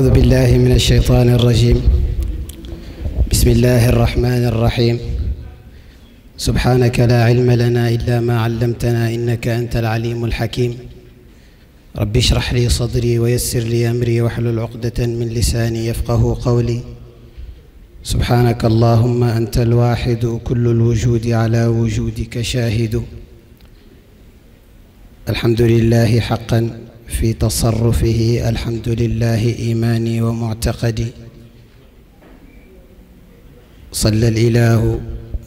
أعوذ بالله من الشيطان الرجيم بسم الله الرحمن الرحيم سبحانك لا علم لنا إلا ما علمتنا إنك أنت العليم الحكيم رب اشرح لي صدري ويسر لي أمري واحلل عقدة من لساني يفقه قولي سبحانك اللهم أنت الواحد كل الوجود على وجودك شاهد الحمد لله حقاً في تصرفه الحمد لله إيماني ومعتقدي صلى الإله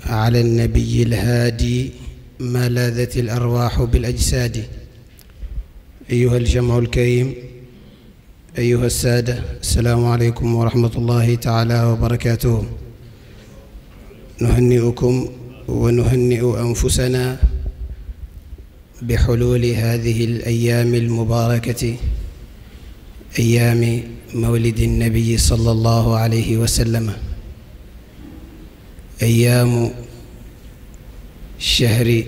على النبي الهادي ما لاذت الأرواح بالأجساد أيها الجمع الكريم أيها السادة السلام عليكم ورحمة الله تعالى وبركاته نهنئكم ونهنئ أنفسنا بحلول هذه الأيام المباركة أيام مولد النبي صلى الله عليه وسلم أيام شهر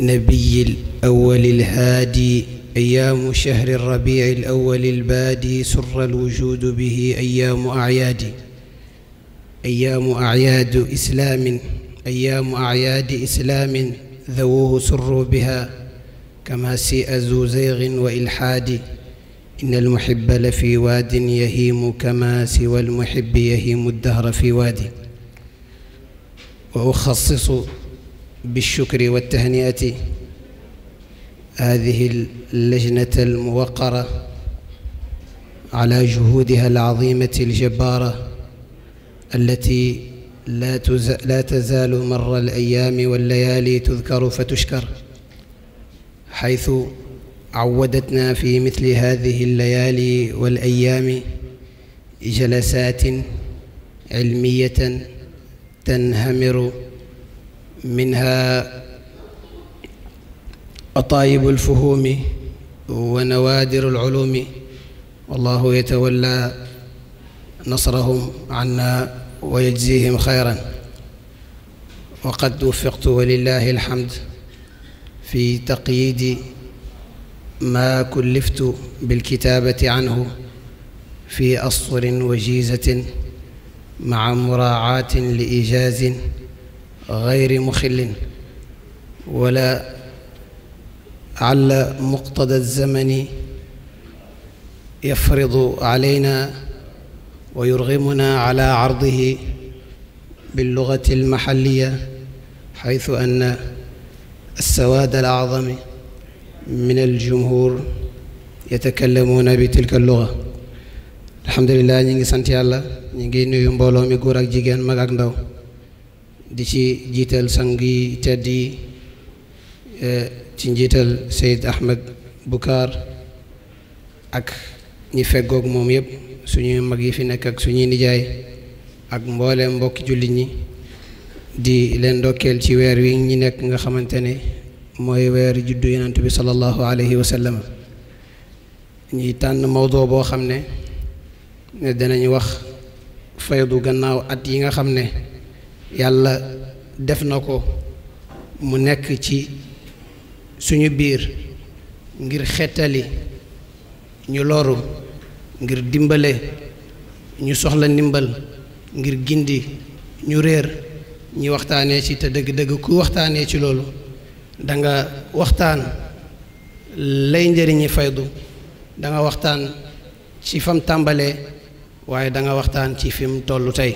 نبي الأول الهادي أيام شهر الربيع الأول البادي سر الوجود به أيام أعياد أيام أعياد إسلام أيام أعياد إسلام ذووه سروا بها كما سيء ذو زيغ وإلحاد إن المحب لفي واد يهيم كما سوى المحب يهيم الدهر في واد وأخصص بالشكر والتهنئة هذه اللجنة الموقرة على جهودها العظيمة الجبارة التي لا, تز... لا تزال مر الأيام والليالي تذكر فتشكر حيث عودتنا في مثل هذه الليالي والأيام جلسات علمية تنهمر منها أطايب الفهوم ونوادر العلوم والله يتولى نصرهم عنا wa yajzihim xayran wa qad wuffiqtu walillahi alhamd fi taqyidi ma kulliftu bilkitaabati anhu fi asrin wa jiizatin maca muraacaatin li ijaazin gayri muxillin wala ala muqtada zamani yafridu calayna ويرغمنا على عرضه باللغة المحلية حيث أن السواد الأعظم من الجمهور يتكلمون بتلك اللغة الحمد لله ñi ngi sant yàlla ñi ngi nuyu mbooloo mi góor ak jigéen mag ak ndaw di ci jiital sang yi tedd eh, ci njiital Seyd Ahmed Bukaar ak ñi feggoog moom yépp suñuy mag yi fi nekk ak suñuy nijaay ak mboole mbokki jullit ñi di leen ndokkeel ci weer wi ñi nekk nga xamante ne mooy weer juddu yonent bi sallallahu alayhi wa sallam ñuy tànn mawdoo boo xam ne ne danañu wax faydu gannaaw at yi nga xam ne yàlla def na ko mu nekk ci suñu biir ngir xettali ñu loru ngir dimbale ñu soxla ndimbal ngir gindi ñu réer ñi waxtaanee ci te dëgg-dëgg ku waxtaanee ci loolu danga waxtaan lay njëriñi faydu danga waxtaan ci fam tàmbalee waaye danga waxtaan ci fi mu toll tey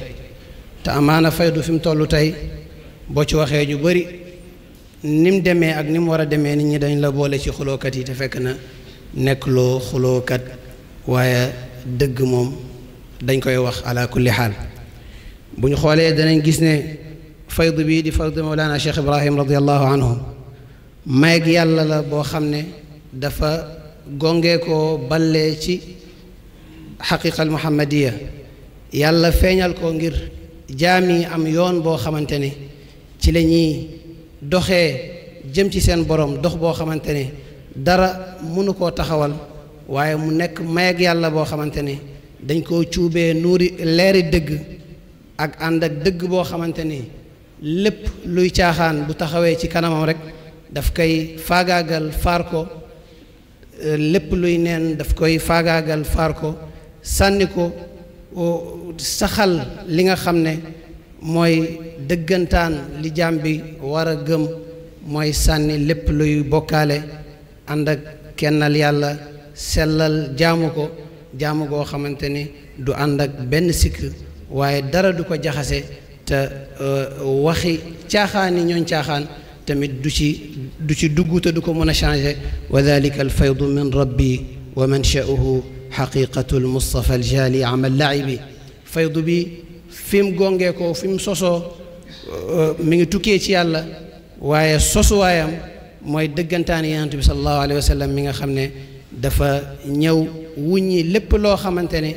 te amaana faydu fi mu toll tey boo ci waxee ñu bari ni mu demee ak ni mu war a demee nit ñi dañ la boole ci xulookat yi te fekk na nekk loo xulookat waaye dëgg moom dañ koy wax ala kulli xaal bu ñu xoolee danañ gis ne fayd bii di fayd mawlaana cheikh ibrahim radiallahu anhu mayeg yàlla la boo xam ne dafa gongee ko ballee ci xaqiqal muhammadiya yàlla feeñal ko ngir jaam yi am yoon boo xamante ne ci lañuy doxee jëm ci seen borom dox boo xamante ne dara mënu koo taxawal waaye mu nekk mayag yàlla boo xamante ni dañ koo cuubee nuuri leeri dëgg ak ànd ak dëgg boo xamante ni lépp luy caaxaan bu taxawee ci kanamam rek daf koy faagaagal faar ko euh, lépp luy neen daf koy faagaagal faar ko sànni ko saxal li nga xam ne mooy dëggantaan li jaam bi war a gëm mooy sànni lépp luy bokkaale ànd ak kennal yàlla sellal jaamu ko jaamu goo xamante ni du ànd benn sikk waaye dara du ko jaxase te euh, waxi caaxaan yi caaxaan tamit du ci du ci dugg te du ko mën a changé wa dalika alfaydu min rabbi wa manshauhu xaqiqatu almustafa aljaali amal laayibi faydu bi fi gongee ko fi sosoo euh, mi ngi tukkee ci yàlla waaye sosuwaayam mooy dëggantaan yonent bi sallallahu alayhi wa sallam mi nga xam ne dafa ñëw wuññi lépp loo xamante ne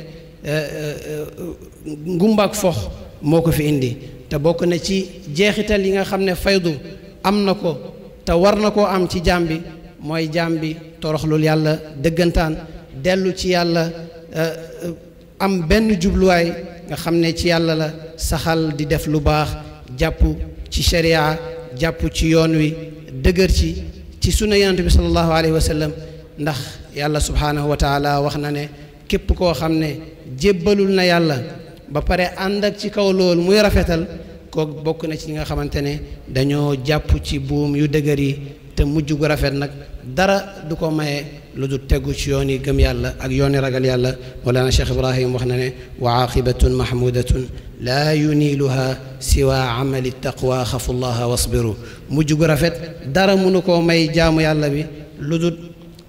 euh, euh, ngumbaak fox moo ko fi indi te bokk na ci jeexital yi nga xam ne faydu am na ko te war na koo am ci jaam bi mooy jaam bi toroxlul yàlla dëggantaan dellu ci yàlla euh, am benn jubluwaay nga xam ne ci yàlla la saxal di def lu baax jàpp ci sharia jàpp ci yoon wi dëgër ci ci sunna yonent bi sallallahu alayhi wa sallam ndax yàlla subhaanahu wa taala wax na ne képp koo xam ne jébbalul na yàlla ba pare ànd ak ci kaw lool muy rafetal kooku bokk na ci ñi nga xamante ne dañoo jàpp ci buum yu dëgër yi te mujj gu rafet nag dara du ko maye lu du tegu ci yoon yi gëm yàlla ak yoon yi ragal yàlla moolaana cheikh ibrahim wax na ne wa aqibatun mahmudatun laa yuniiluha siwa amali taqwa xafu llaha wasbiru mujj gu rafet dara mënu koo may jaamu yàlla bi lu dut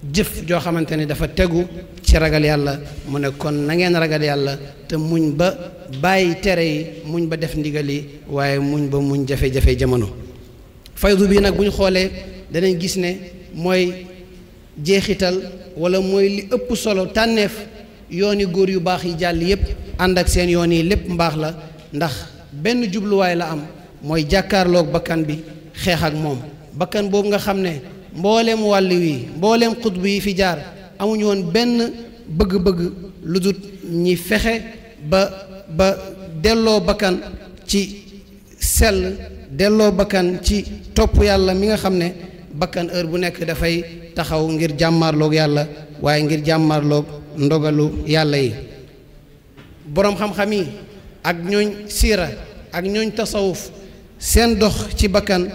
jëf joo xamante ni dafa tegu ci ragal yàlla mu ne kon nangeen ngeen ragal yàlla te muñ ba bàyyi tere yi muñ ba def ndigal yi waaye muñ ba muñ jafe-jafe jamono faydu bi nag bu ñu xoolee danañ gis ne mooy jeexital wala mooy li ëpp solo tànneef yoon yooni góor yu baax yi jàll yépp ànd ak seen yoon yi lépp mbaax la ndax benn jubluwaay la am mooy jàkkaarloog bakkan bi xeex ak moom bakkan boobu nga xam ne mbooleem wàll wi mbooleem xutb yi fi jaar amuñu woon benn bëgg-bëgg lu ñi fexe ba ba delloo bakkan ci sell delloo bakkan ci topp yàlla mi nga xam ne bakkan heure bu nekk dafay taxaw ngir jàmmaarloog yàlla waaye ngir jàmmaarloog ndogalu yàlla yi boroom xam-xam yi ak ñooñ siira ak ñooñ tasawuf seen dox ci bakkan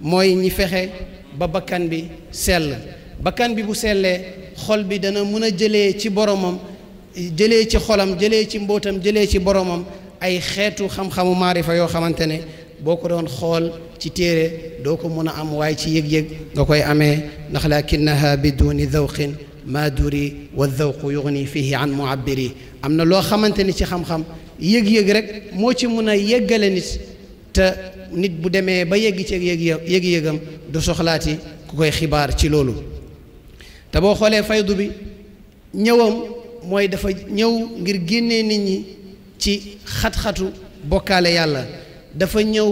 mooy ñi fexe ba bakkan bi sell bakkan bi bu sellee xol bi dana mën a jëlee ci boromam jëlee ci xolam jëlee ci mbootam jëlee ci boromam ay xeetu xam-xamu maarifa yoo xamante ne boo ko doon xool ci téere doo ko mën a am waaye ci yëg-yëg nga koy amee ndax lakinnaha biduni zawqin maa duri wa zawqu yugni fihi an muabbiri am na loo xamante ni ci xam-xam yëg-yëg rek moo ci mën a yëggale nit te nit bu demee ba yëgg ci yëg yëg du soxlaati ku koy xibaar ci loolu te boo xoolee faydu bi ñëwam mooy dafa ñëw ngir génnee nit ñi ci xat-xatu bokkaale yàlla dafa ñëw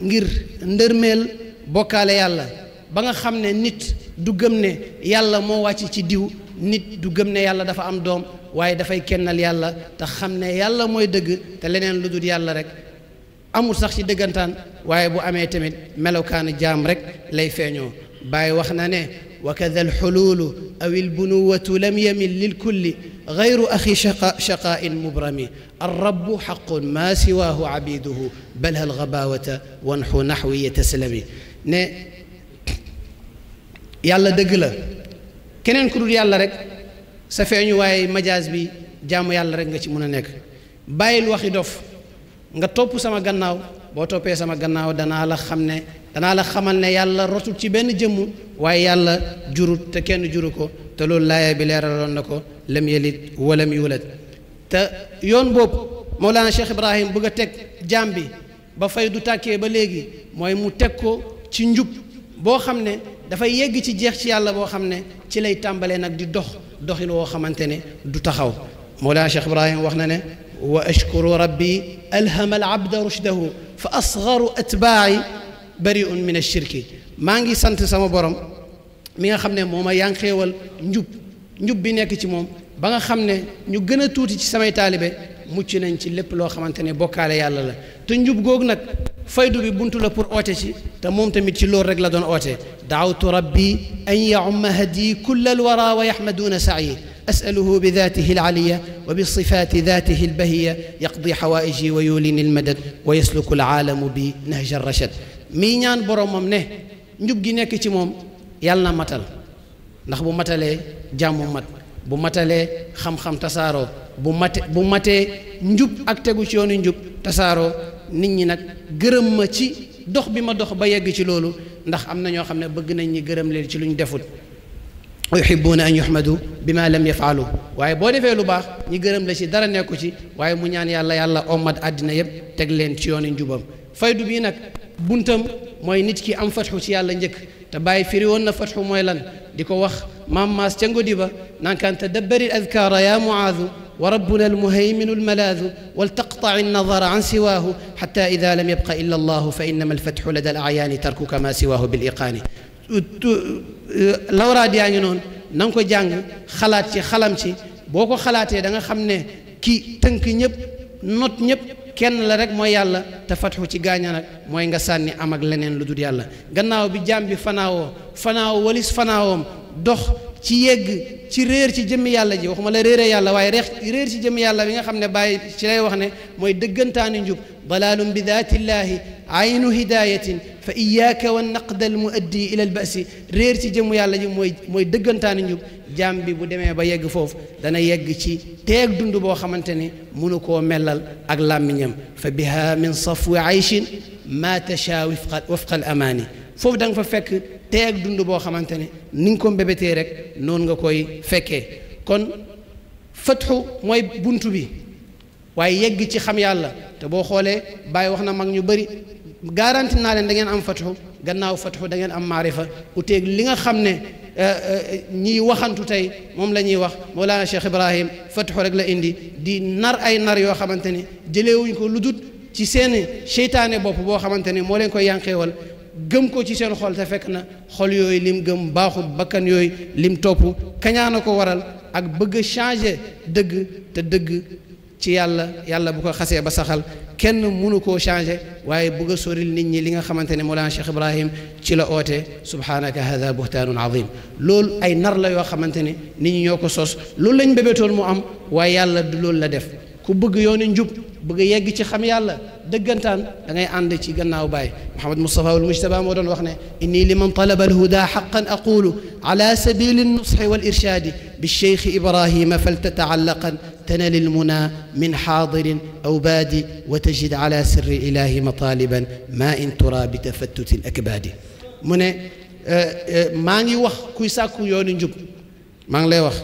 ngir ndërmeel bokkaale yàlla ba nga xam ne nit du gëm ne yàlla moo wàcc ci diw nit du gëm ne yàlla dafa am doom waaye dafay kennal yàlla te xam ne yàlla mooy dëgg te leneen lu dul yàlla rek amul sax ci dëggantaan waaye bu amee tamit melokaanu jaam rek lay feeñoo Baay wax na ne wa kada alxuluulu aw albunuwatu lam yamil lilkulli gayru axi shaqa shaqaain mubrami alrabu xaqun maa siwaahu abiduhu bal hal gabaawata wanxu naxwi taslami ne yàlla dëgg la keneen ku yàlla rek sa feeñu waaye majaas bi jaamu yàlla rek nga ci mën a nekk bàyyil dof nga topp sama gannaaw boo toppee sama gannaaw danaa la xam ne danaa la xamal ne yàlla rotul ci benn jëmm waaye yàlla jurut te kenn juru ko te loolu laaya bi leeraloon na ko lam yalid walam yulad te yoon boobu Mawlana Cheikh Ibrahim bëgg a teg jaam bi ba fay du tàkkee ba léegi mooy mu teg ko ci njub boo xam ne dafay yegg ci jeex ci yàlla boo xam ne ci lay tàmbalee nag di dox doxin woo xamante ne du taxaw Mawlana Cheikh Ibrahim wax na ne واشكر ربي الهم fa رشده فاصغر اتباعي بريء من الشرك maa ngi sant sama borom mi nga xam ne moo ma yanqeewal njub njub bi nekk ci moom ba nga xam ne ñu gën a tuuti ci samay taalibe mucc nañ ci lépp loo xamante ne bokkaale yàlla la te njub googu nag faydu bi buntu la pour oote ci te moom tamit ci loolu rek la doon oote daawtu rabbi an yaumma hadi kulla alwara wa yaxmaduuna saayi أسأله بذاته العلية وبصفات ذاته البهية يقضي حوائجي ويوليني المدد ويسلك العالم بنهج الرشد mii ñaan boromam ne njub gi nekk ci moom yàlla na matal ndax bu matalee jàmmu mat bu matalee xam-xam tasaaroo bu mate bu matee njub ak tegu ci yoonu njub tasaaroo nit ñi nag gërëm ma ci dox bi ma dox ba yegg ci loolu ndax am na ñoo xam ne bëgg nañ ñi gërëm leen ci lu ñu defut wa yuhibbuuna an yuhmadu bima lam yafaalu waaye boo defee lu baax ñi gërëm la ci dara nekku ci waaye mu ñaan yàlla yàlla ommat àddina yëpp teg leen ci yoonu njubam faydu bii nag buntam mooy nit ki am fatxu ci yàlla njëkk te bàyyi firi woon na fatxu mooy lan di ko wax maam maas ca ngodi ba nankaan tadabbari l adkaara ya muaadu wa rabbuna almuhayminu almalaadu waltaqtaci alnadara an siwaahu xata ida lam yabqa illa allahu fa innama alfatxu lada alayaani tarkuka ma siwaahu biliqaani Euh, lawraat yaa ngi noonu nanga ko jàng xalaat ci xalam ci boo ko xalaatee da nga xam ne ki tënk ñëpp not ñëpp kenn la rek mooy yàlla te fatxu ci gaaña nag mooy nga sànni am ak leneen lu dul yàlla gannaaw bi jaam bi fanaawoo fanaawo walis fanaawoom dox ci yegg ci réer ci jëmmi yàlla ji waxuma la réeree yàlla waaye reex réer ci jëmmi yàlla bi nga xam ne bàyyi ci lay wax ne mooy dëggantaani njub dalaalun bi daatillaahi aynu hidayatin fa iyaaka wa naqda al muaddi ila al basi réer ci jëmmu yàlla ji mooy mooy dëggantaani njub jaam bi bu demee ba yegg foofu dana yegg ci teeg dund boo xamante ne mënu koo mellal ak làmmiñam fa biha min safwi ayshin ma tashaa wafqa amaani foofu da fa fekk teeg dund boo xamante ne ni nga ko mbébétee rek noonu nga koy fekkee kon fatxu mooy bunt bi waaye yegg ci xam yàlla te boo xoolee bàyyi wax na mag ñu bëri garanti naa leen da ngeen am fatxu gannaaw fatxu da ngeen am maarifa uteeg li nga xam ne euh, euh, ñiy waxantu tey moom la ñuy wax Mawlana Cheikh Ibrahim fatxu rek la indi di nar ay nar yoo xamante ne jëleewuñ ko lu dut ci seen seytaane bopp boo xamante ne moo leen koy yànqeewal gëm ko ci seen xol te fekk na xol yooyu lim gëm baaxul bakkan yooyu lim topp kañaana ko waral ak bëgg a dëgg te dëgg ci yàlla yàlla bu ko xasee ba saxal kenn mënu koo changer waaye bëgg a soril nit ñi li nga xamante ne Mawlana Cheikh Ibrahim ci la oote subhaanaka hada buhtaanun azim loolu ay nar la yoo xamante ne nit ñi ñoo ko sos loolu lañ bébétoon mu am waaye yàlla du loolu la def ku bëgg yoonu njub bëgg yegg ci xam yàlla dëggantaan da ngay ànd ci gannaaw baay Muhammad Mustafa wal Mujtaba moo doon wax ne inni liman talaba alhuda xaqan aqulu ala sabili nusxi wal irshaadi bicheikh ibrahima faltataallaqan tanal almuna min xaadirin aw baadi wa tajid ala sirri ilahi mataliban ma in tura bi tafattuti l akbaadi mu ne eh, eh, maa ngi wax kuy sàkku yoonu njub maa ngi lay wax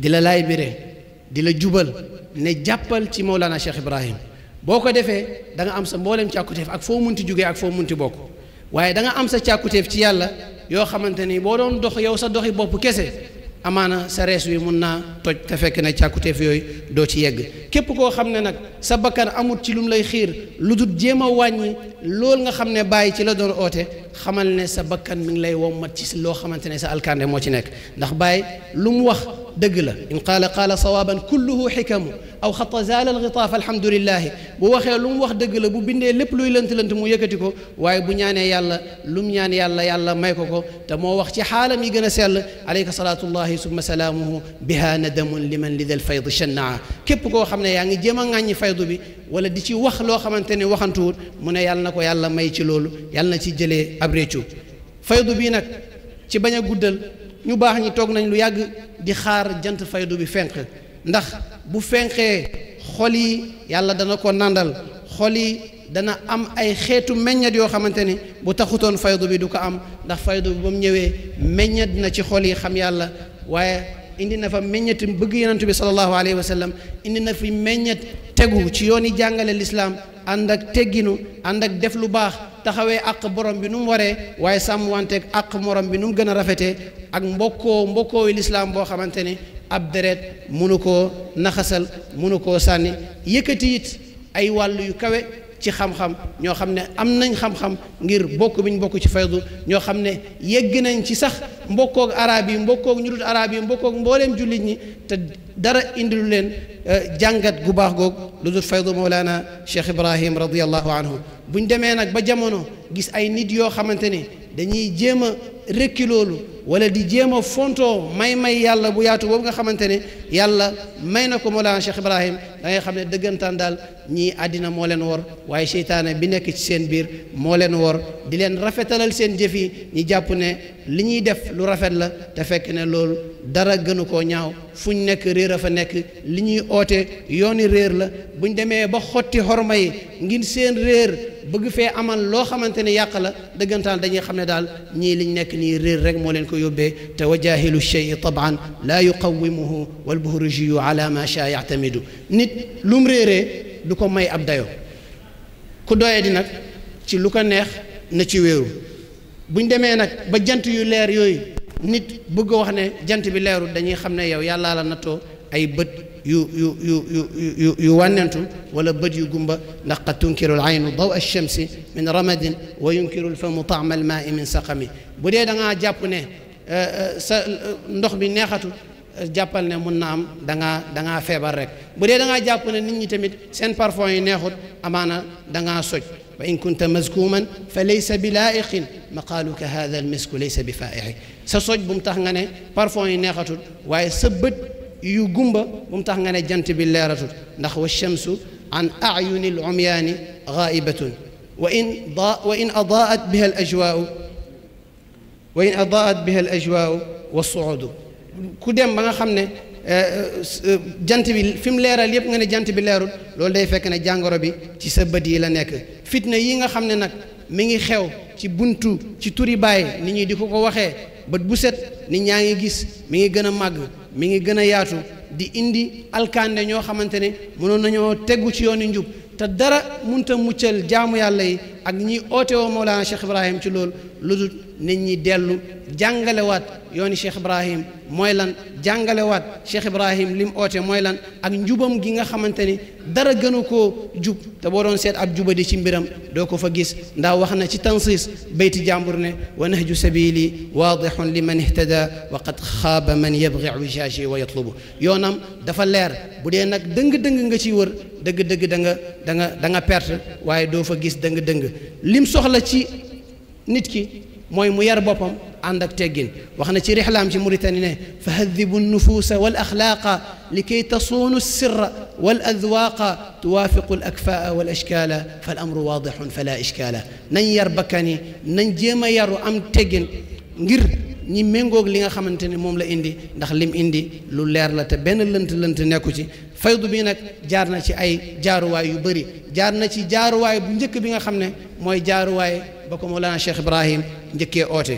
di la laay bire di la jubal ne jàppal ci Mawlana Cheikh Ibrahim boo ko defee da nga am sa mboolem càkkuteef ak foo munti jógee ak foo munti bokk waaye da nga am sa càkkuteef ci yàlla yoo xamante ni boo doon dox yow sa doxi bopp kese amaana sa rees wi mun naa toj te fekk ne càkkuteef yooyu doo ci yegg képp koo xam ne nag sa bakkan amut ci lu mu lay xiir lu dul jéem a wàññi loolu nga xam ne bàyyi ci la doon oote xamal ne sa bakkan mi ngi lay wommat ci loo xamante ne sa alkande moo ci nekk ndax wax dëgg la in qaala qaala sawaaban kulluhu xikamu aw xata zaala alxitaaf alhamdulilahi bu waxee lu mu wax dëgg la bu bindee lépp luy lënt-lënt mu yëkkati ko waaye bu ñaanee yàlla lu mu ñaan yàlla yàlla may ko ko te moo wax ci xaalam yi gën a sell aleyka salaatullahi summa salaamuhu biha nadamun liman li del fayd shannaa képp koo xam ne yaa ngi jéem a ŋàññi faydu bi wala di ci wax loo xamante ne waxantuwut mu ne yàlla na ko yàlla may ci loolu yàlla na ci jëlee ab réccu bi nag ci bañ a ñu baax ñi toog nañ lu yàgg di xaar jant faydu bi fenq ndax bu fenqee xol yi yàlla dana ko nàndal xol yi dana am ay xeetu meññat yoo xamante ni bu taxutoon faydu bi du ko am ndax faydu bi ba mu ñëwee meññat na ci xol yi xam yàlla waaye indi na fa meññat bëgg yonent bi sallallahu alayhi wa sallam indi na fi meññat tegu ci yoon yi jàngale lislaam ànd ak tegginu ànd ak def lu baax taxawee àq borom bi nu mu waree waaye sàmm wanteeg àq morom bi nu mu gën a rafetee ak mbokkoo mbokkoo lislaam boo xamante ne ab deret munu koo naxasal mënu koo sànni yëkkati it ay wàll yu kawe ci xam-xam ñoo xam ne am nañ xam-xam ngir bokk bi ñu bokk ci faydu ñoo xam ne yegg nañ ci sax mbokkoog arab yi mbokkoog ñu dul arab yi mbokkoog mbooleem jullit ñi te dara indilu leen eh, jàngat gu baax goog lu dul faydu Mawlana Cheikh Ibrahim radiyallahu anhu bu ñu demee nag ba jamono gis ay nit yoo xamante ne dañuy jéem a rekki loolu wala di jéem a fontoo may-may yàlla bu yaatu boobu nga xamante ne yàlla may na ko Mawlana Cheikh Ibrahim da xam ne dëggantaan daal ñii àddina moo leen wor waaye seytaane bi nekk ci seen biir moo leen wor di leen rafetalal seen jëf yi ñi jàpp ne li ñuy def lu rafet la te fekk ne loolu dara gënu koo ñaaw fu ñu nekk réer a fa nekk li ñuy oote yooni réer la bu ñu demee ba xotti xorma yi ngir seen réer. bëgg fee amal loo xamante ne yàq la dëggantaan dañuy xam ne daal ñii liñ nekk nii réer rek moo leen ko yóbbee te wa jaahilu shay'i taban laa yuqawimuhu walbuhrujiyu ala ma shaa yaatamidu nit lu mu réeree du ko may ab dayo ku doye di nag ci lu ko neex na ci wéeru buñ demee nag ba jant yu leer yooyu nit bëgg wax ne jant bi leeru dañuy xam ne yow yàllaa la nattoo ay bët yu yu yu yu yu wànnentu wala bët yu gumba ndax qad tunkiru al aynu daw alchamsi min ramadin wa yunkiru l famu taama al maai min saqami bu dee da ngaa jàpp ne euh, euh, sa euh, ndox bi neexatu jàppal ne mun na am da ngaa da ngaa feebar rek bu dee da ngaa jàpp ne nit ñi tamit seen parfum yi neexut amaana da ngaa soj wa in kunta maskuuman fa laysa bi laaiqin maqaaluka haada almisku laysa bi faaiqi sa soj bu mu tax nga ne parfum yi neexatul waaye sa bët yu gumba bu mu tax nga ne jant bi leeratul ndax wa shamsu an ayuni l umyaani gaa'ibatun wa in wa in adaat biha al ajwaau wa in ku dem ba nga xam ne eh, eh, jant bi fi mu leeral yëpp nga ne jant bi leerul loolu day fekk ne jàngoro bi ci sa bët yi la nekk fitna yi nga xam ne nag mi ngi xew ci buntu ci turi baay nit ñi di ko ko waxee bët bu set nit ñaa ngi gis mi ngi gën a màgg mi ngi gën a yaatu di indi alkaande ñoo xamante ne mënoon nañoo tegu ci yoonu njub te dara munta muccal jaamu yàlla yi ak ñi oote woo Mawlana Cheikh Ibrahim ci loolu lu dul nit ñi dellu jàngalewaat yooni Cheikh Ibrahim mooy lan jàngalewaat Cheikh Ibrahim lim oote mooy lan ak njubam gi nga xamante ni dara gënu ko jub te boo doon seet ab jubadi ci mbiram doo ko fa gis ndax wax na ci tansiis bayti jàmbur ne wa nahju sabili waadihun li man ihtada wa qad ba man yabgiu jaaji wa yatlubu yoonam dafa leer bu dee nag dëng-dëng nga ciy wër dëgg-dëgg da nga da da nga perte waaye doo fa gis dëng-dëng lim soxla ci nit ki mooy mu yar boppam ànd ak teggin wax na ci rixlaam ci Mauritanie ne fa hadibu nufuusa wal axlaaqa likay tasuunu sirra wal adwaaqa tuwaafiqu al akfaa wal ashkaala fal nañ yar bakkan yi nañ jéem a yaru am teggin ngir ñi méngoog li nga xamante ne moom la indi ndax lim indi lu leer la te benn lënt lënt nekku ci faydu bi nag jaar na ci ay jaaruwaay yu bëri jaar na ci jaaruwaay bu njëkk bi nga xam ne mooy jaaruwaay ba ko Mawlana Cheikh Ibrahim njëkkee oote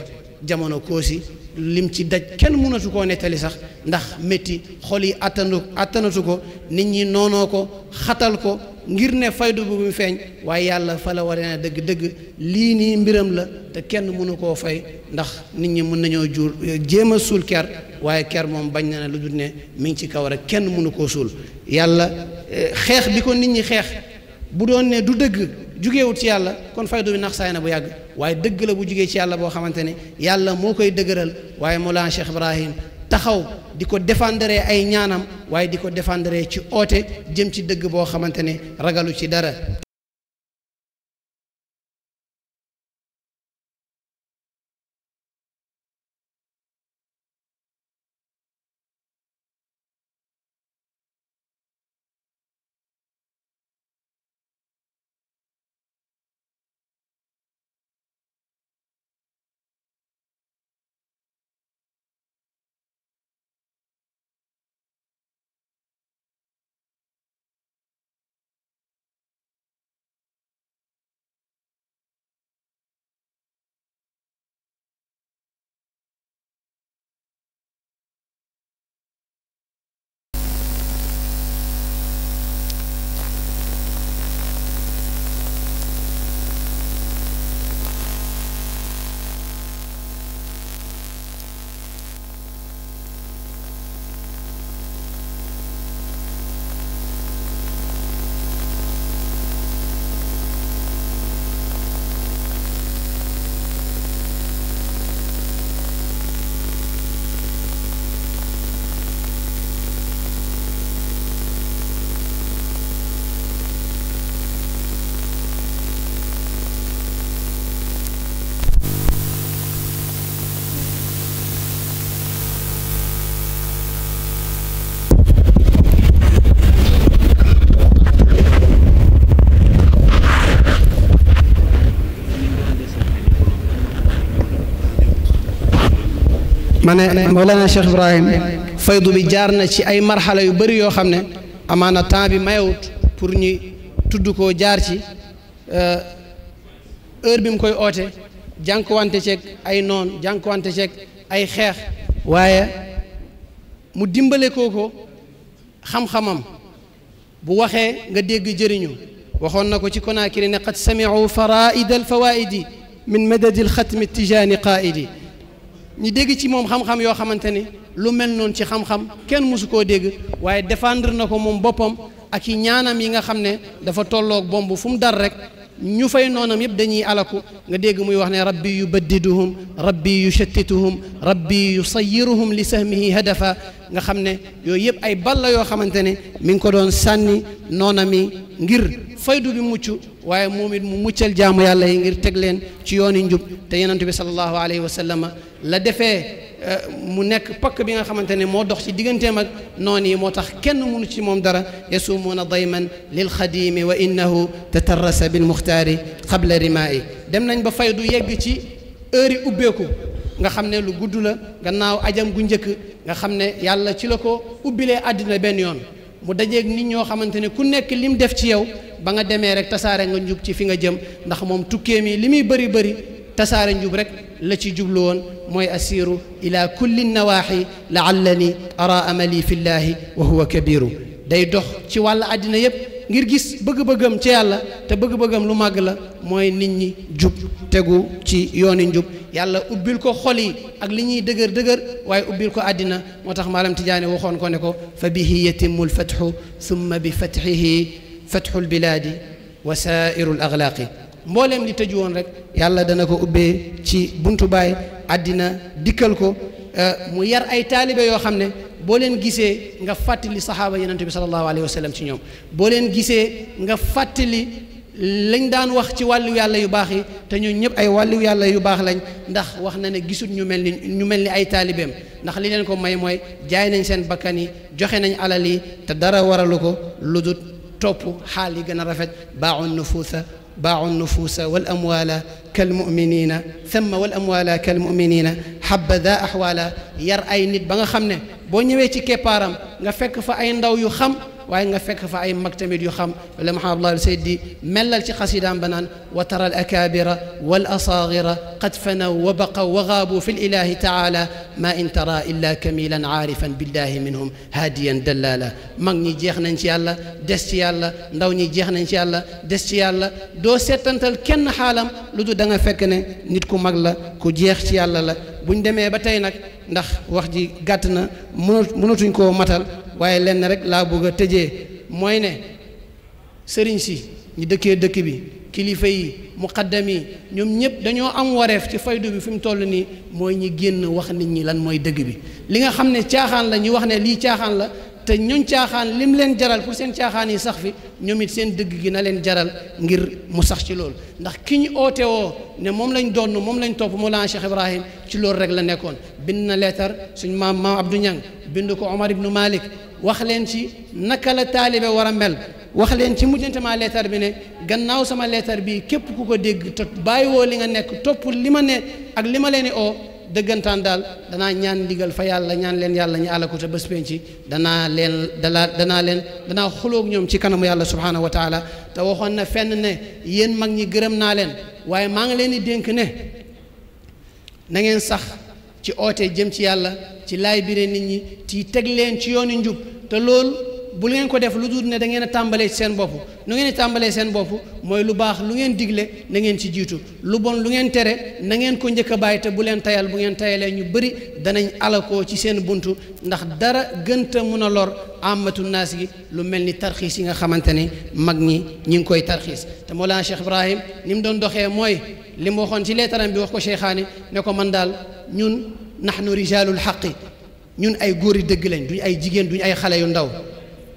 jamono koosi lim ci daj kenn mënatu koo nettali sax ndax métti xol yi attanu attanatu ko nit ñi noonoo ko xatal ko ngir ne faydu bu mu feeñ waaye yàlla fa la waree na dëgg dëgg lii nii mbiram la te kenn mënu koo fay ndax nit ñi mën nañoo jur jéem a suul ker waaye ker moom bañ nana lu dul ne mi ngi ci kaw rek kenn mënu koo suul yàlla eh, xeex bi ko nit ñi xeex bu doon ne du dëgg jugeewut ci yàlla kon faydu bi nax saay na bu yàgg waaye dëgg la bu jugee ci yàlla boo xamante ne yàlla moo koy dëgëral waaye moo Mawlana Cheikh Ibrahim taxaw di ko défendre ay ñaanam waaye di ko défendre ci oote jëm ci dëgg boo xamante ne ragalu ci dara ma ne Mawlana Cheikh Ibrahim faydu bi jaar na ci ay marxala yu bëri yoo xam ne amaana temps bi mayewut pour ñu tudd koo jaar ci euh, heure bi mu koy oote wante ceeg ay noon wante ceeg ay xeex waaye mu dimbale ko xam-xamam bu waxee nga dégg jëriñu waxoon na ko ci Konaakiri ne qad samiu faraida alfawaidi min madadi alxatmi tijaani qaidi ñi dégg ci moom xam-xam yoo xamante ne lu mel noonu ci xam-xam kenn mësu koo dégg waaye défendre na ko moom boppam ak yi ñaanam yi nga xam ne dafa tolloog bomb fu mu dar rek ñu fay noonam yëpp dañuy alaku nga dégg muy wax ne rab bi yu rabbi yubaddiduhum rabbi yushattituhum rabbi yusayiruhum li sahmihi hadafa nga xam ne yooyu yëpp ay balla yoo xamante ne mi ngi ko doon sànni noonami ngir faydu bi mucc waaye moom it mu muccal jaamu yàlla yi ngir teg leen ci yooni njub te yonent bi sallallahu alayhi wa sallam la defee eh, mu nekk pakk bi nga xamante ne moo dox ci digganteem ak noon yi moo tax kenn mënu ci moom dara yasuumuuna dayman lil xadiimi wa innahu tatarrasa bil muxtaari qabla rimaa'i dem nañ ba faydu yegg ci heure yi ubbeeku nga xam ne lu gudd la gannaaw ajam gu njëkk nga xam ne yàlla ci la ko ubbilee àddina benn yoon mu dajeek nit ñoo xamante ne ku nekk lim def ci yow ba nga demee rek tasaare nga njub ci fi nga jëm ndax moom tukkee mi li muy bëri bëri tasaare njub rek la ci jublu woon mooy asiiru ila kulli nawaaxi laallani ara amali fi llaahi wa huwa kabiru day dox ci wàll àddina yépp ngir gis bëgg-bëggam ci yàlla te bëgg-bëggam lu màgg la mooy nit ñi jub tegu ci yooni njub yàlla ubbil ko xol ak li ñuy dëgër dëgër waaye ubbil ko àddina moo tax maalam tijaani waxoon ko ne ko fa bihi yatimu lfatxu summa bi fatxihi fatxu lbilaadi wa saairu l axlaaqi mbooleem li tëju woon rek yàlla dana ko ubbee ci buntu baay àddina dikkal ko Euh, mu yar ay taalibe yoo xam ne boo leen gisee nga fàttali saxaaba yenente bi sallallahu alayhi wa sallam ci ñoom boo leen gisee nga fàttali lañ daan wax ci wàllu yàlla yu baax yi te ñun ñëpp ay wàllu yàlla yu baax lañ ndax wax na ne gisut ñu mel ni ñu mel ni ay taalibeem ndax li leen ko may mooy jaay nañ seen bakkan yi joxe nañ alal yi te dara waralu ko lu ludut topp xaal yi gën a rafet baaxu nufuusa baaxu nufuusa wal amwaala kal muminina thumma wal amwaala kal muminina habada ahwala yar ay nit ba nga xam ne boo ñëwee ci keppaaram nga fekk fa ay ndaw yu xam waaye nga fekk fa ay mag tamit yu xam la Muhammad Abdullah Sayd di mellal ci xasidaam ba naan wa tara al akaabira wal asaagira qad fanaw wa baqaw wa gaabu fi lilahi taala ma in tara illa kamilan aarifan billahi minhum haadiyan dallaala mag ñi jeex nañ ci yàlla des ci yàlla ndaw ñi jeex nañ ci yàlla des ci yàlla doo seetantal kenn xaalam lu du da fekk ne nit ku mag la ku jeex ci yàlla la buñ demee ba tey nag ndax wax ji gàtt na mënatuñ ko matal waaye lenn rek laa bëgg a tëjee mooy ne sëriñ si ñu dëkkee dëkk bi kilifa yi muqaddam yi ñoom ñëpp dañoo am wareef ci faydu bi fi mu toll nii mooy ñi génn wax nit ñi lan mooy dëgg bi li nga xam ne caaxaan la ñu wax ne lii caaxaan la te ñooñ caaxaan lim leen jaral pour seen caaxaan yi sax fi ñoom it seen dëgg gi na leen jaral ngir mu sax ci loolu ndax ki ñu oote woo ne moom lañ doon moom lañ topp Mawlana Cheikh Ibrahim ci loolu rek la nekkoon bind na leetar suñ maam maam Abdou Niang bind ko Omar ibnu Malik wax leen ci naka la taalibe war a mel wax leen ci mujjante maa leetar bi ne gannaaw sama leetar bi képp ku ko dégg tot bàyyi woo li nga nekk topp li ma ne ak li ma leen oo dëggantaan daal danaa ñaan ndigal fa yàlla ñaan leen yàlla ñu àllaku te bés penc danaa leen dalaa danaa leen danaa xulóog ñoom ci kanamu yàlla subhaanahu wa te waxoon na fenn ne yéen mag ñi gërëm naa leen waaye maa ngi leen di dénk ne na ngeen sax ci oote jëm ci yàlla ci laay bire nit ñi ci teg leen ci yoonu njub te loolu bu ngeen ko def lu dul ne da ngeen a tàmbalee seen bopp nu ngeen di tàmbalee seen bopp mooy lu baax lu ngeen digle na ngeen ci jiitu lu bon lu ngeen tere na ngeen ko njëkk bàyyi te bu leen teyal bu ngeen tayalee ñu bëri danañ alakoo ci seen buntu ndax dara gënta mun a lor amatu naas gi lu mel ni tarxiis yi nga xamante ne mag ñi ñi ngi koy tarxiis te moo Mawlana Cheikh Ibrahim ni mu doon doxee mooy li mu waxoon ci leetaram bi wax ko Cheikhaani ne ko man daal ñun nahnu rijaalul xaqi ñun ay góori dëgg lañ duñ ay jigéen duñ ay xale yu ndaw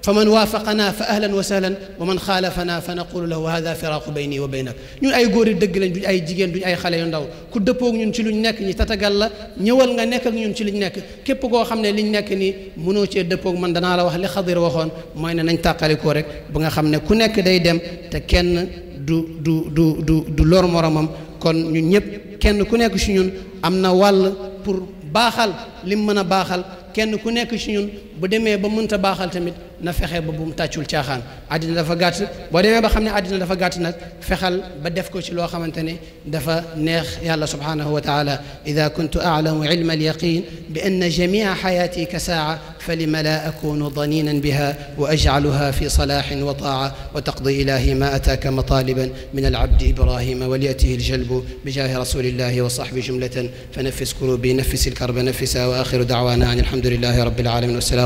fa man waafaqanaa fa ahlan wa sahlan wa man xaalafanaa fa naqulu lahu hada firaaqu bayni wa baynak ñun ay góor yi dëgg lañ duñ ay jigéen du ay xale yu ndaw ku dëppoog ñun ci ñu nekk ñi tatagal la ñëwal nga nekk ak ñun ci ñu nekk képp koo xam ne liñ nekk nii mënoo cee dëppoog man danaa la wax li xadir waxoon mooy ne nañ tàqalikoo rek bu nga xam ne ku nekk day dem te kenn du du du du du lor moromam kon ñun ñëpp kenn ku nekk ci ñun am na wàll pour baaxal lim mën a baaxal kenn ku nekk si ñun bu demee ba mënta baaxal tamit na fexe ba bu mu tàccul caaxaan àddina dafa gàtt boo demee ba xam ne àddina dafa gàtt nag fexal ba def ko ci loo xamante ne dafa neex yàlla subhaanahu wa taala ida kuntu aalamu ilma alyaqin bi ann jamia xayaati ka saaca fa lima la akunu daninan biha wa ajcaluha fi salaaxin wa taaca wa taqdi ilahi ma ataaka mataliban min alabdi ibrahima walyatihi aljalbu bijaahi rasulillahi wa saxbi jumlatan fa nafis kurubi nafis alkarba nafisa wa axiru dacwana an alhamdulilahi rabbilalamin wasalaam